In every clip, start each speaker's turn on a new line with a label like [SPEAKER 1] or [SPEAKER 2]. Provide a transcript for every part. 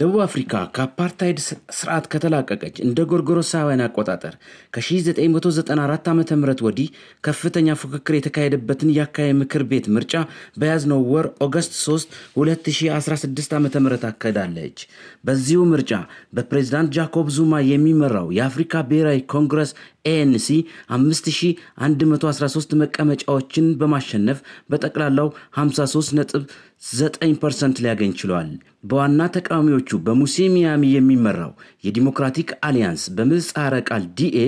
[SPEAKER 1] ደቡብ አፍሪካ ከአፓርታይድ ስርዓት ከተላቀቀች እንደ ጎርጎሮሳውያን አቆጣጠር ከ1994 ዓ ም ወዲህ ከፍተኛ ፉክክር የተካሄደበትን የአካባቢ ምክር ቤት ምርጫ በያዝነው ወር ኦገስት 3 2016 ዓ ም አካሄዳለች። በዚሁ ምርጫ በፕሬዚዳንት ጃኮብ ዙማ የሚመራው የአፍሪካ ብሔራዊ ኮንግረስ ኤንሲ 5113 መቀመጫዎችን በማሸነፍ በጠቅላላው 53.9 ፐርሰንት ሊያገኝ ችሏል። በዋና ተቃዋሚዎቹ በሙሴ ሚያሚ የሚመራው የዲሞክራቲክ አሊያንስ በምህጻረ ቃል ዲኤ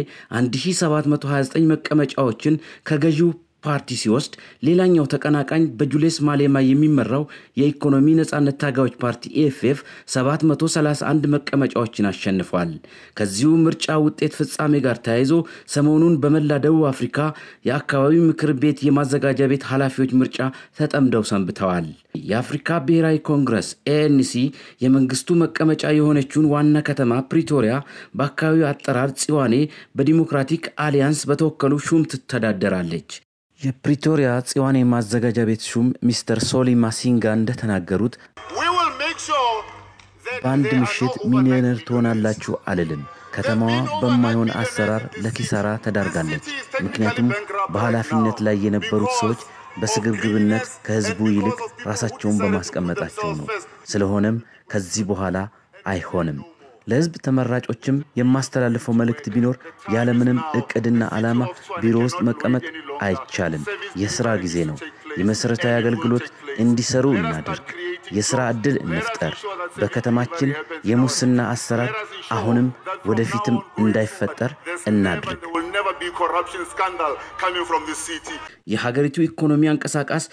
[SPEAKER 1] 1729 መቀመጫዎችን ከገዢው ፓርቲ ሲወስድ ሌላኛው ተቀናቃኝ በጁሌስ ማሌማ የሚመራው የኢኮኖሚ ነጻነት ታጋዮች ፓርቲ ኤፍኤፍ 731 መቀመጫዎችን አሸንፏል። ከዚሁ ምርጫ ውጤት ፍጻሜ ጋር ተያይዞ ሰሞኑን በመላ ደቡብ አፍሪካ የአካባቢው ምክር ቤት የማዘጋጃ ቤት ኃላፊዎች ምርጫ ተጠምደው ሰንብተዋል። የአፍሪካ ብሔራዊ ኮንግረስ ኤኤንሲ የመንግስቱ መቀመጫ የሆነችውን ዋና ከተማ ፕሪቶሪያ በአካባቢው አጠራር ጽዋኔ በዲሞክራቲክ አሊያንስ በተወከሉ ሹም ትተዳደራለች። የፕሪቶሪያ ጽዋኔ ማዘጋጃ ቤት ሹም ሚስተር ሶሊ ማሲንጋ እንደተናገሩት በአንድ ምሽት ሚሊዮነር ትሆናላችሁ አልልም። ከተማዋ በማይሆን አሰራር ለኪሳራ ተዳርጋለች። ምክንያቱም በኃላፊነት ላይ የነበሩት ሰዎች በስግብግብነት ከሕዝቡ ይልቅ ራሳቸውን በማስቀመጣቸው ነው። ስለሆነም ከዚህ በኋላ አይሆንም። ለህዝብ ተመራጮችም የማስተላልፈው መልእክት ቢኖር ያለምንም እቅድና ዓላማ ቢሮ ውስጥ መቀመጥ አይቻልም። የሥራ ጊዜ ነው። የመሠረታዊ አገልግሎት እንዲሰሩ እናደርግ። የሥራ ዕድል እንፍጠር። በከተማችን የሙስና አሰራር አሁንም ወደፊትም እንዳይፈጠር እናድርግ። የሀገሪቱ ኢኮኖሚ አንቀሳቃስ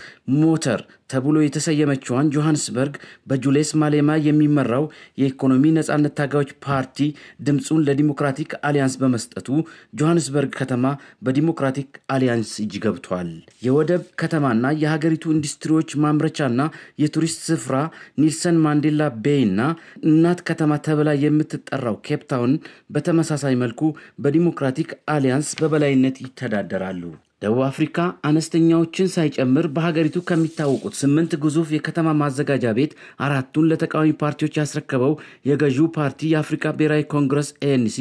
[SPEAKER 1] ሞተር ተብሎ የተሰየመችዋን ጆሃንስበርግ በጁሌስ ማሌማ የሚመራው የኢኮኖሚ ነጻነት ታጋዮች ፓርቲ ድምፁን ለዲሞክራቲክ አሊያንስ በመስጠቱ ጆሃንስበርግ ከተማ በዲሞክራቲክ አሊያንስ እጅ ገብቷል። የወደብ ከተማና የሀገሪቱ ኢንዱስትሪዎች ማምረቻና የቱሪስት ስፍራ ኒልሰን ማንዴላ ቤይና እናት ከተማ ተብላ የምትጠራው ኬፕታውን በተመሳሳይ መልኩ በዲሞክራቲክ አሊያንስ በበላይነት ይተዳደራሉ። ደቡብ አፍሪካ አነስተኛዎችን ሳይጨምር በሀገሪቱ ከሚታወቁት ስምንት ግዙፍ የከተማ ማዘጋጃ ቤት አራቱን ለተቃዋሚ ፓርቲዎች ያስረከበው የገዢው ፓርቲ የአፍሪካ ብሔራዊ ኮንግረስ ኤንሲ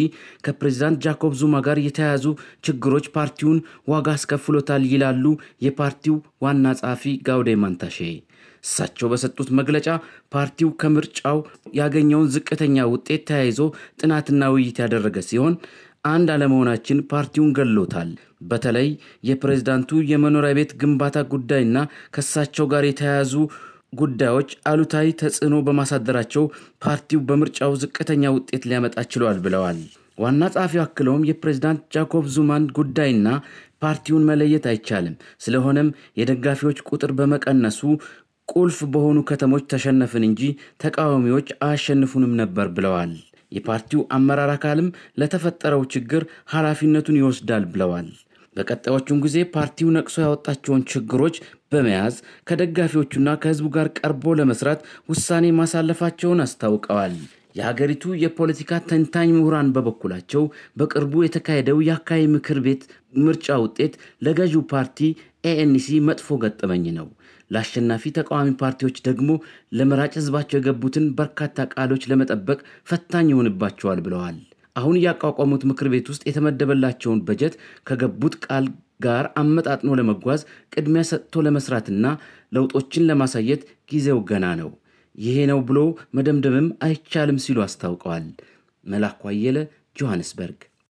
[SPEAKER 1] ከፕሬዚዳንት ጃኮብ ዙማ ጋር የተያያዙ ችግሮች ፓርቲውን ዋጋ አስከፍሎታል ይላሉ የፓርቲው ዋና ጸሐፊ ጋውዴ ማንታሼ። እሳቸው በሰጡት መግለጫ ፓርቲው ከምርጫው ያገኘውን ዝቅተኛ ውጤት ተያይዞ ጥናትና ውይይት ያደረገ ሲሆን አንድ አለመሆናችን ፓርቲውን ገሎታል። በተለይ የፕሬዝዳንቱ የመኖሪያ ቤት ግንባታ ጉዳይና ከሳቸው ጋር የተያያዙ ጉዳዮች አሉታዊ ተጽዕኖ በማሳደራቸው ፓርቲው በምርጫው ዝቅተኛ ውጤት ሊያመጣ ችሏል ብለዋል። ዋና ጸሐፊው አክለውም የፕሬዝዳንት ጃኮብ ዙማን ጉዳይና ፓርቲውን መለየት አይቻልም። ስለሆነም የደጋፊዎች ቁጥር በመቀነሱ ቁልፍ በሆኑ ከተሞች ተሸነፍን እንጂ ተቃዋሚዎች አያሸንፉንም ነበር ብለዋል። የፓርቲው አመራር አካልም ለተፈጠረው ችግር ኃላፊነቱን ይወስዳል ብለዋል። በቀጣዮቹን ጊዜ ፓርቲው ነቅሶ ያወጣቸውን ችግሮች በመያዝ ከደጋፊዎቹና ከህዝቡ ጋር ቀርቦ ለመስራት ውሳኔ ማሳለፋቸውን አስታውቀዋል። የሀገሪቱ የፖለቲካ ተንታኝ ምሁራን በበኩላቸው በቅርቡ የተካሄደው የአካባቢ ምክር ቤት ምርጫ ውጤት ለገዢው ፓርቲ ኤኤንሲ መጥፎ ገጠመኝ ነው። ለአሸናፊ ተቃዋሚ ፓርቲዎች ደግሞ ለመራጭ ህዝባቸው የገቡትን በርካታ ቃሎች ለመጠበቅ ፈታኝ ይሆንባቸዋል ብለዋል። አሁን ያቋቋሙት ምክር ቤት ውስጥ የተመደበላቸውን በጀት ከገቡት ቃል ጋር አመጣጥኖ ለመጓዝ ቅድሚያ ሰጥቶ ለመስራትና ለውጦችን ለማሳየት ጊዜው ገና ነው። ይሄ ነው ብሎ መደምደምም አይቻልም ሲሉ አስታውቀዋል። መላኩ አየለ ጆሐንስበርግ